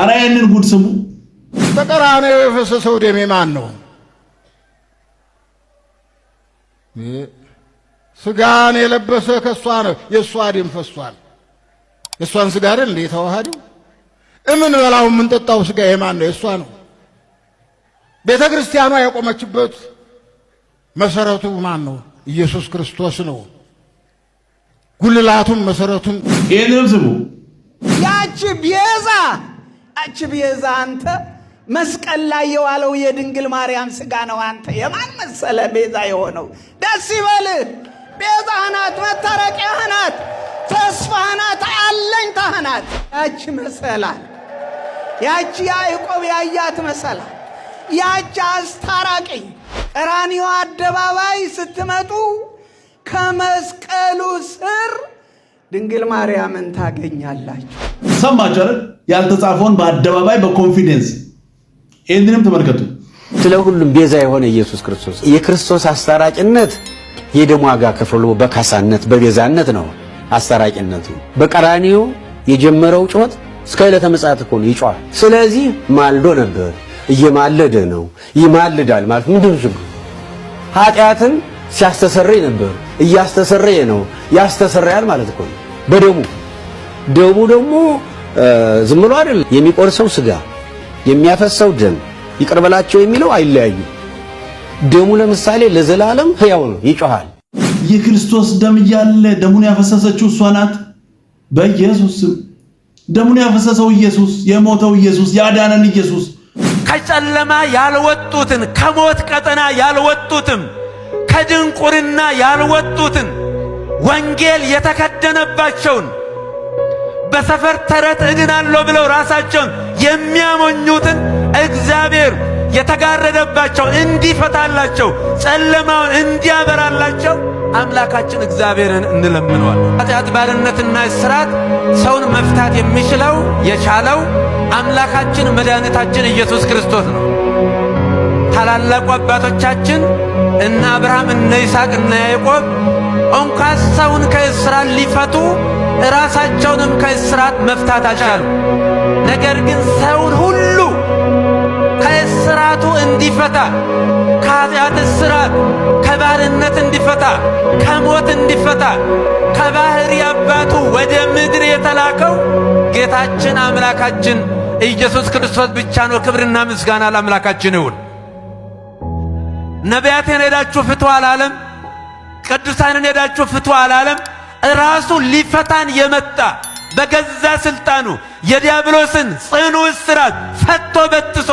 አረ ያንን ጉድ ስሙ። በቀራንዮ የፈሰሰው ደሜ ማን ነው? ስጋን የለበሰ ከእሷ ነው። የእሷ ደም ፈሷል። የእሷን ስጋ አይደል እንዴ የተዋሃደው? እምን በላው የምንጠጣው ስጋ የማን ነው? የእሷ ነው። ቤተ ክርስቲያኗ የቆመችበት መሰረቱ ማን ነው? ኢየሱስ ክርስቶስ ነው። ጉልላቱም መሰረቱም ይህንም ስሙ ያቺ ቤዛ አች ብየዛ አንተ መስቀል ላይ የዋለው የድንግል ማርያም ስጋ ነው። አንተ የማን መሰለ ቤዛ የሆነው? ደስ ይበልህ። ቤዛህ ናት፣ መታረቂያህ ናት፣ ተስፋህ ናት፣ አለኝታህ ናት። ያች መሰላል ያቺ ያዕቆብ ያያት መሰላል ያቺ አስታራቂ ቀራንዮ አደባባይ ስትመጡ ከመስቀሉ ስር ድንግል ማርያምን ታገኛላችሁ። ሰማችሁ ያልተጻፈውን በአደባባይ በኮንፊደንስ ይህንንም ተመልከቱ። ስለ ሁሉም ቤዛ የሆነ ኢየሱስ ክርስቶስ የክርስቶስ አስታራቂነት የደም ዋጋ ከፍሎ በካሳነት በቤዛነት ነው አስታራቂነቱ። በቀራንዮ የጀመረው ጮት እስከ ዕለተ ምጽአት እኮ ነው ይጮሃል። ስለዚህ ማልዶ ነበር፣ እየማለደ ነው። ይማልዳል ማለት ምንድን ነው? ኃጢአትን ሲያስተሰረይ ነበር፣ እያስተሰረየ ነው። ያስተሰረያል ማለት እኮ ነው በደሙ ደሙ ደግሞ ዝም ብሎ አይደለም የሚቆርሰው ስጋ የሚያፈሰው ደም ይቅር የሚለው አይለያዩም። ደሙ ለምሳሌ ለዘላለም ሕያው ነው፣ ይጮሃል። የክርስቶስ ደም እያለ ደሙን ያፈሰሰችው እሷ ናት። በኢየሱስ ደሙን ያፈሰሰው ኢየሱስ፣ የሞተው ኢየሱስ፣ ያዳነን ኢየሱስ ከጨለማ ያልወጡትን ከሞት ቀጠና ያልወጡትም ከድንቁርና ያልወጡትን ወንጌል የተከደነባቸውን በሰፈር ተረት እድናለሁ ብለው ራሳቸውን የሚያሞኙትን እግዚአብሔር የተጋረደባቸው እንዲፈታላቸው ጨለማውን እንዲያበራላቸው አምላካችን እግዚአብሔርን እንለምነዋል። ኃጢአት ባርነትና እስራት ሰውን መፍታት የሚችለው የቻለው አምላካችን መድኃኒታችን ኢየሱስ ክርስቶስ ነው። ታላላቁ አባቶቻችን እነ አብርሃም፣ እነ ይስሐቅ፣ እነ ያዕቆብ እንኳን ሰውን ከእስራት ሊፈቱ ራሳቸውንም ከእስራት መፍታት አልቻሉ። ነገር ግን ሰውን ሁሉ ከእስራቱ እንዲፈታ ከኃጢአት እስራት፣ ከባርነት እንዲፈታ፣ ከሞት እንዲፈታ ከባህሪ አባቱ ወደ ምድር የተላከው ጌታችን አምላካችን ኢየሱስ ክርስቶስ ብቻ ነው። ክብርና ምስጋና ለአምላካችን ይሁን። ነቢያትን ሄዳችሁ ፍቱ አላለም። ቅዱሳንን ሄዳችሁ ፍቱ አላለም። ራሱ ሊፈታን የመጣ በገዛ ስልጣኑ የዲያብሎስን ጽኑ እስራት ፈቶ በጥሶ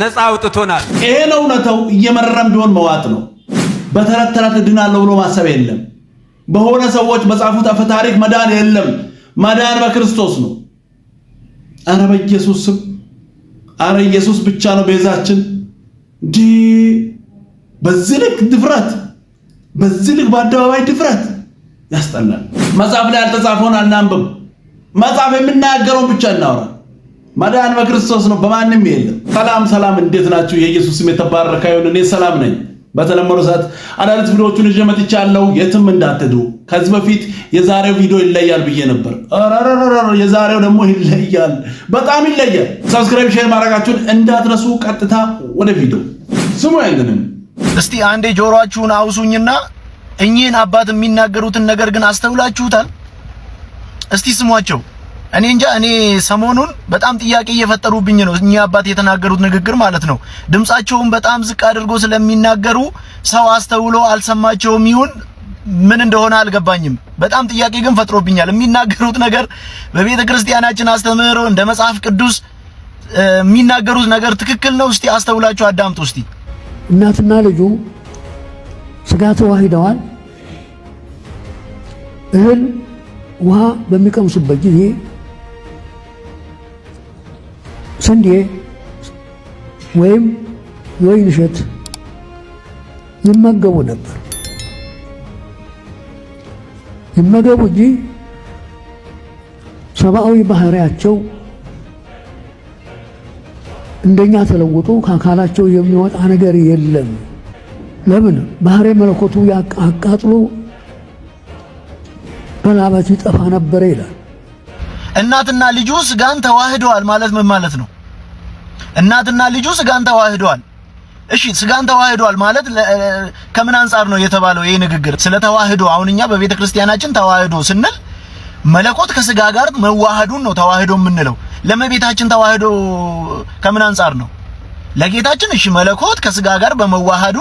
ነፃ አውጥቶናል። ይሄ ለእውነተው እየመረረም ቢሆን መዋጥ ነው። በተረት ተረት እድናለሁ ብሎ ማሰብ የለም። በሆነ ሰዎች በጻፉት አፈ ታሪክ መዳን የለም። መዳን በክርስቶስ ነው። አረ በኢየሱስ ስም፣ አረ ኢየሱስ ብቻ ነው ቤዛችን። እንዲህ በዚህ ልክ ድፍረት፣ በዚህ ልክ በአደባባይ ድፍረት ያስጠላል። መጽሐፍ ላይ ያልተጻፈውን አናንብብ። መጽሐፍ የምናገረውን ብቻ እናውራ። መዳን በክርስቶስ ነው፣ በማንም የለም። ሰላም ሰላም፣ እንዴት ናችሁ? የኢየሱስ ስም የተባረከ ይሁን። እኔ ሰላም ነኝ። በተለመደው ሰዓት አዳዲስ ቪዲዮዎቹን ይዤ መጥቻለሁ። የትም እንዳትዱ። ከዚህ በፊት የዛሬው ቪዲዮ ይለያል ብዬ ነበር። የዛሬው ደግሞ ይለያል፣ በጣም ይለያል። ሰብስክራይብ፣ ሼር ማድረጋችሁን እንዳትረሱ። ቀጥታ ወደ ቪዲዮ ስሙ። አይገንም እስቲ አንዴ ጆሮአችሁን አውሱኝና እኚህን አባት የሚናገሩትን ነገር ግን አስተውላችሁታል? እስቲ ስሟቸው። እኔ እንጃ እኔ ሰሞኑን በጣም ጥያቄ እየፈጠሩብኝ ነው። እኚህ አባት የተናገሩት ንግግር ማለት ነው። ድምጻቸውን በጣም ዝቅ አድርጎ ስለሚናገሩ ሰው አስተውሎ አልሰማቸውም ይሁን ምን እንደሆነ አልገባኝም። በጣም ጥያቄ ግን ፈጥሮብኛል። የሚናገሩት ነገር በቤተ ክርስቲያናችን አስተምህሮ እንደ መጽሐፍ ቅዱስ የሚናገሩት ነገር ትክክል ነው? እስቲ አስተውላችሁ አዳምጡ። እስቲ እናትና ልጁ ስጋ ተዋሂደዋል። እህል ውሃ በሚቀምሱበት ጊዜ ስንዴ ወይም የወይን እሸት ይመገቡ ነበር። ይመገቡ እንጂ ሰብአዊ ባህሪያቸው እንደኛ ተለውጦ ከአካላቸው የሚወጣ ነገር የለም። ለምን? ባህሪ መለኮቱ አቃጥሎ በላበት ይጠፋ ነበረ ይላል። እናትና ልጁ ስጋን ተዋህደዋል ማለት ምን ማለት ነው? እናትና ልጁ ስጋን ተዋህደዋል። እሺ ስጋን ተዋህደዋል ማለት ከምን አንጻር ነው የተባለው? ይሄ ንግግር ስለ ተዋህዶ አሁን እኛ በቤተ ክርስቲያናችን ተዋህዶ ስንል መለኮት ከስጋ ጋር መዋሃዱን ነው ተዋህዶ የምንለው። ለመቤታችን ተዋህዶ ከምን አንጻር ነው? ለጌታችን እሺ መለኮት ከስጋ ጋር በመዋሃዱ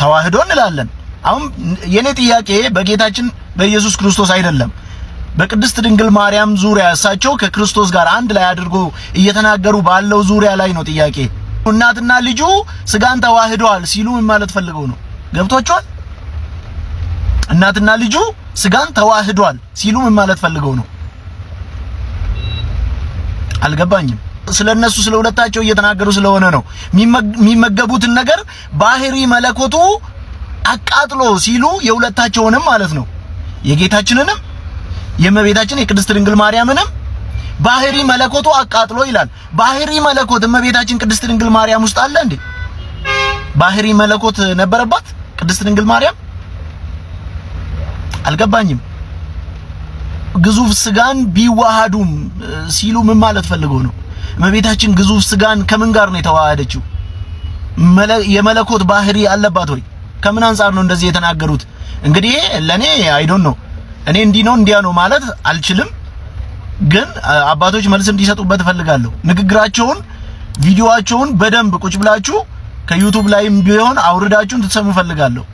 ተዋህዶ እንላለን። አሁን የኔ ጥያቄ በጌታችን በኢየሱስ ክርስቶስ አይደለም። በቅድስት ድንግል ማርያም ዙሪያ እሳቸው ከክርስቶስ ጋር አንድ ላይ አድርጎ እየተናገሩ ባለው ዙሪያ ላይ ነው ጥያቄ። እናትና ልጁ ስጋን ተዋህደዋል ሲሉ ምን ማለት ፈልገው ነው? ገብቷቸዋል? እናትና ልጁ ስጋን ተዋህዷል ሲሉ ምን ማለት ፈልገው ነው? አልገባኝም። ስለ እነሱ ስለ ሁለታቸው እየተናገሩ ስለሆነ ነው። የሚመገቡትን ነገር ባህሪ መለኮቱ አቃጥሎ ሲሉ የሁለታቸውንም ማለት ነው የጌታችንንም የእመቤታችን የቅድስት ድንግል ማርያምንም ባህሪ መለኮቱ አቃጥሎ ይላል። ባህሪ መለኮት እመቤታችን ቅድስት ድንግል ማርያም ውስጥ አለ እንዴ? ባህሪ መለኮት ነበረባት ቅድስት ድንግል ማርያም? አልገባኝም። ግዙፍ ስጋን ቢዋሃዱም ሲሉ ምን ማለት ፈልጎ ነው? እመቤታችን ግዙፍ ስጋን ከምን ጋር ነው የተዋሃደችው? የመለኮት ባህሪ አለባት ወይ? ከምን አንጻር ነው እንደዚህ የተናገሩት? እንግዲህ ለኔ አይዶን ነው እኔ እንዲህ ነው እንዲያ ነው ማለት አልችልም፣ ግን አባቶች መልስ እንዲሰጡበት እፈልጋለሁ። ንግግራቸውን፣ ቪዲዮአቸውን በደንብ ቁጭ ብላችሁ ከዩቱብ ላይም ቢሆን አውርዳችሁን ትሰሙ እፈልጋለሁ።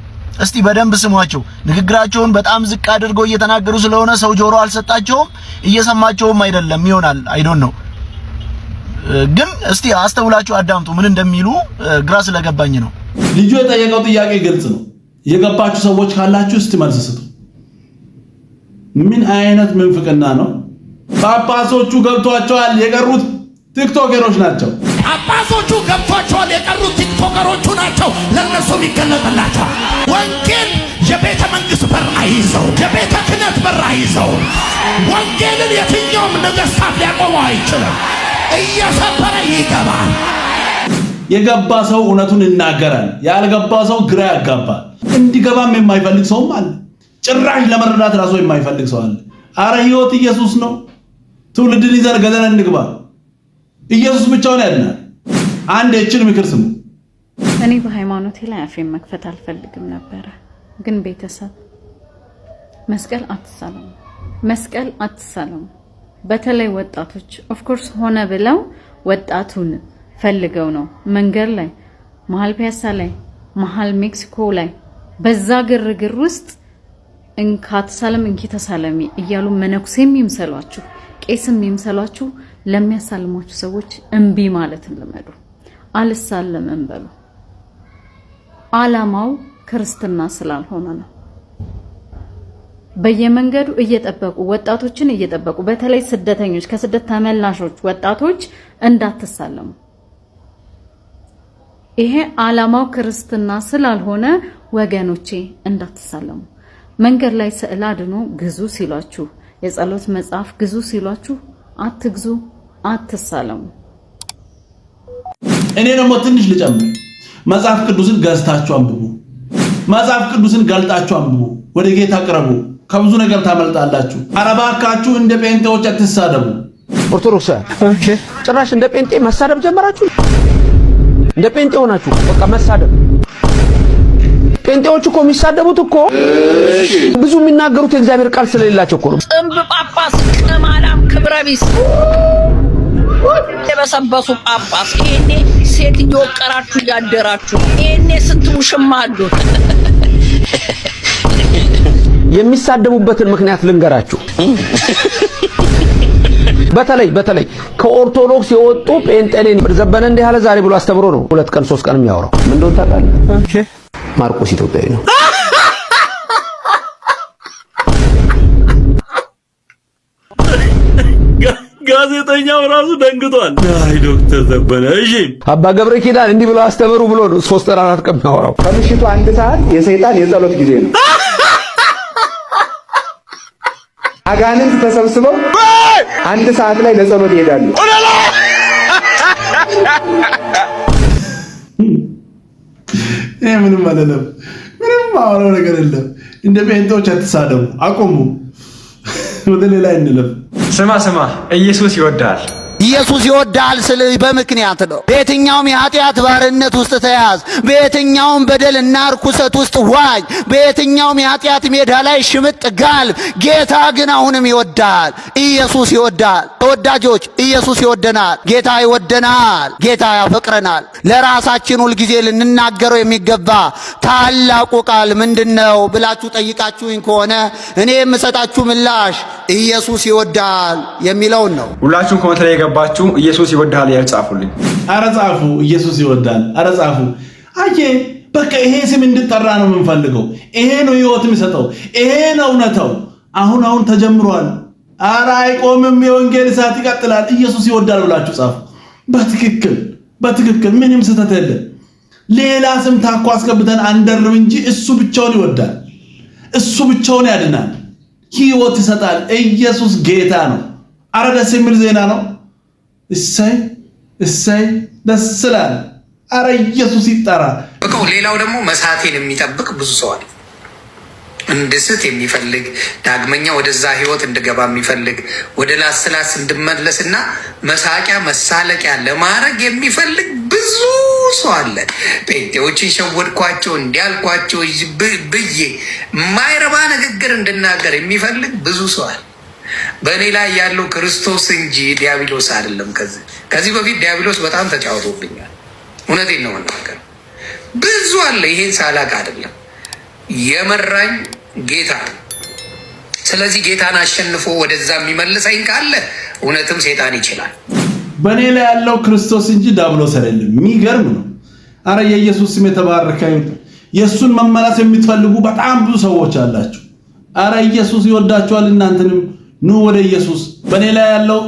እስቲ በደንብ ስሟቸው። ንግግራቸውን በጣም ዝቅ አድርገው እየተናገሩ ስለሆነ ሰው ጆሮ አልሰጣቸውም፣ እየሰማቸውም አይደለም ይሆናል። አይዶን ነው ግን እስቲ አስተውላችሁ አዳምጡ ምን እንደሚሉ ግራ ስለገባኝ ነው። ልጁ የጠየቀው ጥያቄ ግልጽ ነው። የገባችሁ ሰዎች ካላችሁ እስቲ መልስ ስጡ። ምን አይነት ምንፍቅና ነው? ጳጳሶቹ ገብቷቸዋል፣ የቀሩት ቲክቶከሮች ናቸው። ጳጳሶቹ ገብቷቸዋል፣ የቀሩት ቲክቶከሮቹ ናቸው። ለእነሱም ይገለጥላቸዋል። ወንጌል የቤተ መንግስት በር አይዘው፣ የቤተ ክህነት በር አይዘው። ወንጌልን የትኛውም ነገስታት ሊያቆመው አይችልም። እየሰበረ ይገባል። የገባ ሰው እውነቱን ይናገራል። ያልገባ ሰው ግራ ያጋባል። እንዲገባም የማይፈልግ ሰውም አለ። ጭራሽ ለመረዳት ራሱ የማይፈልግ ሰው አለ። አረ ህይወት ኢየሱስ ነው። ትውልድን ይዘን ገደል እንግባ። ኢየሱስ ብቻውን ያድናል። አንድ የችን ምክር ስሙ። እኔ በሃይማኖቴ ላይ አፌን መክፈት አልፈልግም ነበረ፣ ግን ቤተሰብ መስቀል አትሳለሙ፣ መስቀል አትሳለሙ። በተለይ ወጣቶች ኦፍኮርስ ሆነ ብለው ወጣቱን ፈልገው ነው። መንገድ ላይ፣ መሀል ፒያሳ ላይ፣ መሀል ሜክሲኮ ላይ በዛ ግርግር ውስጥ እንካ ተሳለም እንኪ ተሳለሚ እያሉ መነኩሴ የሚምሰሏችሁ ቄስ የሚምሰሏችሁ ለሚያሳልሟችሁ ሰዎች እምቢ ማለትን ልመዱ። አልሳለምም በሉ። አላማው ክርስትና ስላልሆነ ነው። በየመንገዱ እየጠበቁ ወጣቶችን እየጠበቁ በተለይ ስደተኞች ከስደት ተመላሾች ወጣቶች እንዳትሳለሙ ይሄ ዓላማው ክርስትና ስላልሆነ ወገኖቼ እንዳትሳለሙ። መንገድ ላይ ስዕል አድኖ ግዙ ሲሏችሁ፣ የጸሎት መጽሐፍ ግዙ ሲሏችሁ አትግዙ፣ አትሳለሙ። እኔ ደግሞ ትንሽ ልጨምር። መጽሐፍ ቅዱስን ገዝታችሁ አንብቡ። መጽሐፍ ቅዱስን ገልጣችሁ አንብቡ። ወደ ጌታ ቅረቡ። ከብዙ ነገር ታመልጣላችሁ። አረባካችሁ እንደ ጴንጤዎች አትሳደቡ። ኦርቶዶክስ ጭራሽ እንደ ጴንጤ መሳደብ ጀመራችሁ። እንደ ጴንጤ ሆናችሁ በቃ መሳደብ። ጴንጤዎች እኮ የሚሳደቡት እኮ ብዙ የሚናገሩት የእግዚአብሔር ቃል ስለሌላቸው እኮ ነው። ጥንብ ጳጳስ፣ ቅማላም፣ ክብረ ቢስ የበሰበሱ ጳጳስ ይሄኔ ሴት እየወቀራችሁ እያደራችሁ ይሄኔ ስንት ውሽማ አሉ። የሚሳደቡበትን ምክንያት ልንገራችሁ። በተለይ በተለይ ከኦርቶዶክስ የወጡ ጴንጤኔን ዘበነ እንዲህ ያለ ዛሬ ብሎ አስተምሮ ነው ሁለት ቀን ሶስት ቀን የሚያወራው ምን እንደሆነ ታውቃለህ? ማርቆስ ኢትዮጵያዊ ነው። ጋዜጠኛው ራሱ ደንግጧል። አይ ዶክተር ዘበነ እሺ አባ ገብረ ኪዳን እንዲህ ብሎ አስተምሩ ብሎ ነው ሶስት ቀን አራት ቀን የሚያወራው ከምሽቱ አንድ ሰዓት የሰይጣን የጸሎት ጊዜ ነው። አጋንንት ተሰብስበው አንድ ሰዓት ላይ ለጸሎት ይሄዳሉ። ይህ ምንም አይደለም። ምንም አወራው ነገር የለም። እንደ ጴንጤዎች አትሳደቡ፣ አቁሙ። ወደ ሌላ እንለፍ። ስማ ስማ፣ ኢየሱስ ይወዳል። ኢየሱስ ይወዳል ስልህ በምክንያት ነው። በየትኛውም የኃጢአት ባርነት ውስጥ ተያዝ፣ በየትኛውም እና ርኩሰት ውስጥ ዋኝ በየትኛውም የኃጢአት ሜዳ ላይ ሽምጥ ጋልብ። ጌታ ግን አሁንም ይወዳል ኢየሱስ ይወዳል። ተወዳጆች ኢየሱስ ይወደናል። ጌታ ይወደናል። ጌታ ያፈቅረናል። ለራሳችን ሁልጊዜ ልንናገረው የሚገባ ታላቁ ቃል ምንድን ነው ብላችሁ ጠይቃችሁኝ ከሆነ እኔ የምሰጣችሁ ምላሽ ኢየሱስ ይወዳል የሚለውን ነው። ሁላችሁም ኮመንት ላይ የገባችሁ ኢየሱስ ይወዳል ያልጻፉልኝ፣ አረ ጻፉ። ኢየሱስ ይወዳል፣ አረ ጻፉ። አየ በቃ ይሄ ስም እንድጠራ ነው የምንፈልገው። ይሄ ነው ህይወት የሚሰጠው፣ ይሄ ነው እውነታው። አሁን አሁን ተጀምሯል። አረ አይቆምም። የወንጌል እሳት ይቀጥላል። ኢየሱስ ይወዳል ብላችሁ ጻፉ። በትክክል በትክክል ምንም ስህተት የለም። ሌላ ስም ታኮ አስገብተን አንደርብ እንጂ እሱ ብቻውን ይወዳል። እሱ ብቻውን ያድናል፣ ህይወት ይሰጣል። ኢየሱስ ጌታ ነው። አረ ደስ የሚል ዜና ነው። እሰይ እሰይ ደስ ስላል። አረ ኢየሱስ ይጠራ። ሌላው ደግሞ መሳቴን የሚጠብቅ ብዙ ሰው አለ። እንድስት የሚፈልግ ዳግመኛ ወደዛ ህይወት እንድገባ የሚፈልግ ወደ ላስላስ እንድመለስና መሳቂያ መሳለቂያ ለማድረግ የሚፈልግ ብዙ ሰው አለ። ጴንጤዎች ሸወድኳቸው እንዲያልኳቸው ብዬ ማይረባ ንግግር እንድናገር የሚፈልግ ብዙ ሰው አለ። በእኔ ላይ ያለው ክርስቶስ እንጂ ዲያብሎስ አይደለም። ከዚህ ከዚህ በፊት ዲያብሎስ በጣም ተጫውቶብኛል። እውነቴን ነው መናገር ብዙ አለ። ይሄን ሳላቅ አይደለም የመራኝ ጌታ። ስለዚህ ጌታን አሸንፎ ወደዛ የሚመልሰኝ ካለ እውነትም ሴጣን ይችላል። በእኔ ላይ ያለው ክርስቶስ እንጂ ዳብሎስ አይደለም። የሚገርም ነው። አረ የኢየሱስ ስም የተባረከ ይሁን። የእሱን መመለስ የሚትፈልጉ በጣም ብዙ ሰዎች አላችሁ። አረ ኢየሱስ ይወዳችኋል። እናንተንም ኑ ወደ ኢየሱስ። በእኔ ላይ ያለው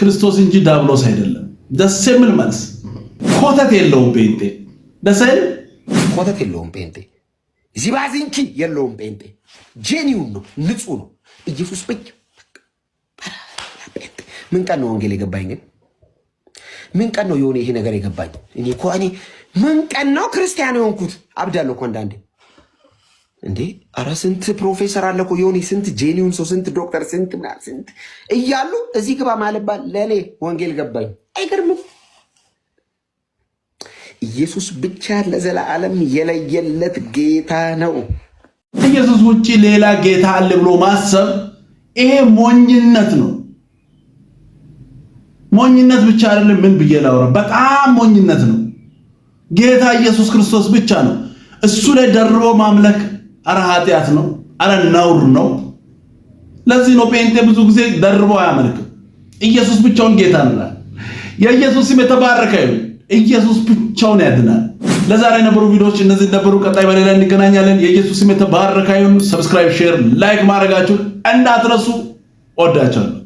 ክርስቶስ እንጂ ዳብሎስ አይደለም። ደስ የሚል መልስ። ኮተት የለውም ጴንጤ። ደስ አይልም? ኮተት የለውም ጴንጤ ዚባዚንኪ የለውም። ጴንጤ ጄኒውን ነው፣ ንጹህ ነው። ኢየሱስ በይ ምን ቀን ነው ወንጌል የገባኝ? ግን ምን ቀን ነው የሆነ ይሄ ነገር የገባኝ? እኔ እኮ እኔ ምን ቀን ነው ክርስቲያን የሆንኩት? አብዳለሁ እኮ አንዳንዴ እንዴ! አረ ስንት ፕሮፌሰር አለ እኮ የሆነ ስንት ጄኒውን ሰው ስንት ዶክተር ስንት ምናምን ስንት እያሉ እዚህ ግባ ማለባል ለእኔ ወንጌል ገባኝ። አይገርምም? ኢየሱስ ብቻ ለዘላለም የለየለት ጌታ ነው። ኢየሱስ ውጭ ሌላ ጌታ አለ ብሎ ማሰብ ይሄ ሞኝነት ነው። ሞኝነት ብቻ አይደለም፣ ምን ብዬ ላውራ፣ በጣም ሞኝነት ነው። ጌታ ኢየሱስ ክርስቶስ ብቻ ነው። እሱ ላይ ደርቦ ማምለክ አረ ኃጢአት ነው፣ አረ ነውር ነው። ለዚህ ነው ጴንጤ ብዙ ጊዜ ደርቦ አያመልክም። ኢየሱስ ብቻውን ጌታ ነው። የኢየሱስ ስም የተባረከ ይሁን። ኢየሱስ ብቻውን ያድናል። ለዛሬ የነበሩ ቪዲዮዎች እነዚህ ነበሩ። ቀጣይ በሌላ እንገናኛለን። የኢየሱስ ስም የተባረከ ይሁን። ሰብስክራይብ፣ ሼር፣ ላይክ ማድረጋችሁን እንዳትረሱ። ወዳችኋለሁ።